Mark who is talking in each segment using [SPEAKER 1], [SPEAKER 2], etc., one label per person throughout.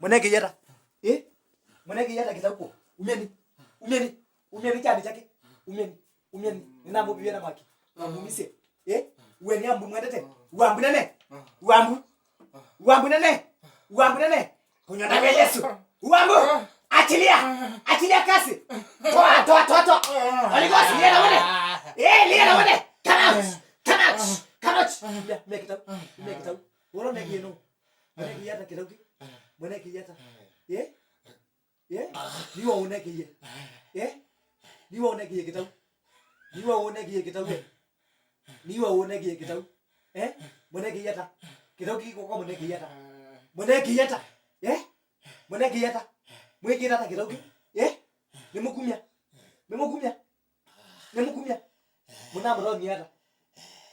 [SPEAKER 1] Mwana kijata. Eh? Mwana kijata kitako. Umeni. Umeni. Umeni chadi chake. Umeni. Umeni. Nina mbo bibi na maki. Mwamumise. Eh? ni ambu mwendete. Uambu nene. Uambu. Uambu nene. Uambu nene. Kunywa damu Yesu. Uambu. Achilia. Achilia kasi. Toa, toa, toa, toa. Alikosi lia na wone. Eh, lia na wone. Come out. Come out. Come out. Lia, mekitau. Mekitau. Wala mekiyeno. Mekiyata kitauki. Bwana ta eh. eh? Eh? Ni waone kije. Eh. eh? Ni waone kije kitau. Ni waone kije kitau. Eh. Ni waone kije kitau. Eh? Bwana kijata. Kitau kiko kwa bwana kijata. Bwana kijata. Eh? Bwana kijata. Muna mroni hata.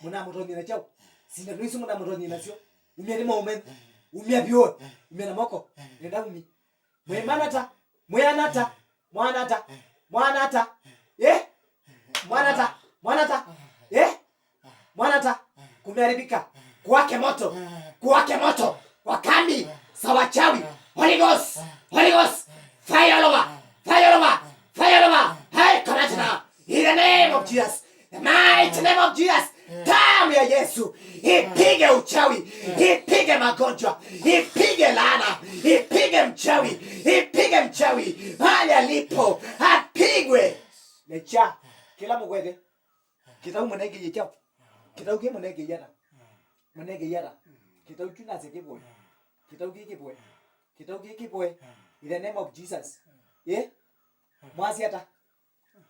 [SPEAKER 1] Muna mroni na chao. Sina nusu muna mroni na sio. ni maumen umia biyo umia na moko nenda umi mwe manata mwemanata anata mwanata mwanata eh mwanata mwanata eh mwanata kumeharibika kuwake moto kuwake moto wakandi sawachawi Holy Ghost Holy Ghost fire all over fire all over fire all over hey come out now in the name of Jesus the mighty name of Jesus Damu ya Yesu ipige uchawi, ipige magonjwa, ipige laana, ipige mchawi, ipige mchawi mahali alipo, apigwe lecha kila mugwege kitau mwenege yecha kitau ke mwenege yara mwenege yara kitau chuna se kipoe kitau ke kipoe kitau ke kipoe in the name of Jesus ye mwazi hata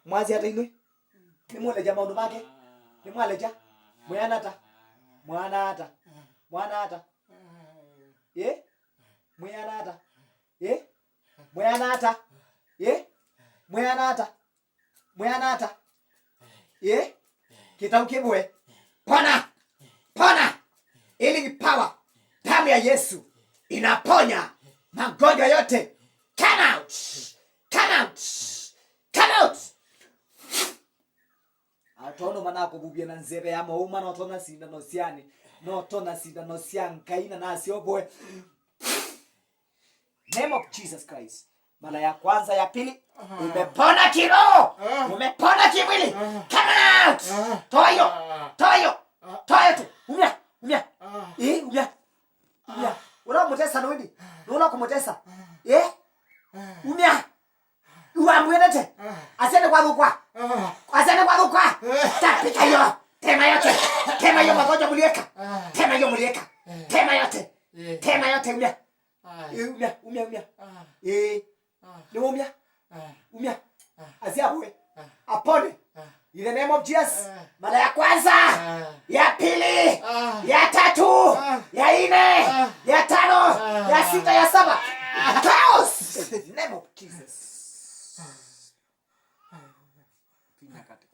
[SPEAKER 1] mwazi hata inwe ni maundu make ni mweleja mwanata mwanata mwanata eh mwanata eh mwanata eh mwanata mwanata eh kibwe pona pona, ili ni power. Damu ya Yesu inaponya magonjwa yote. Come out. tondå mana bubia na nzeve ya mauma notona cindano ciani notona cindano cia nkaina nacio bwe name of jesus christ mara ya kwanza ya pili umepona kiroho ah. umepona kimwili ah. come out ah. toa hiyo toa hiyo toa hiyo tu umya umya eh umya umya uramutesa nundi kumutesa eh umya uwamwendete asiende kwathukwa tena kwa kwa. Eh. Tapika hiyo. Tema yote. Eh. Tema hiyo magonjwa mliweka. Eh. Tema hiyo mliweka. Tema yote. Tema yote umia. Umia, umia, umia. Eh. Ah. Ah. Ni umia. Umia. Ah. Azia huwe. Apone. In the name of Jesus. Mara ya kwanza, ya pili, ya tatu, ya nne, ya tano, ya sita, ya saba. Chaos. In the name of Jesus. তিন কাটে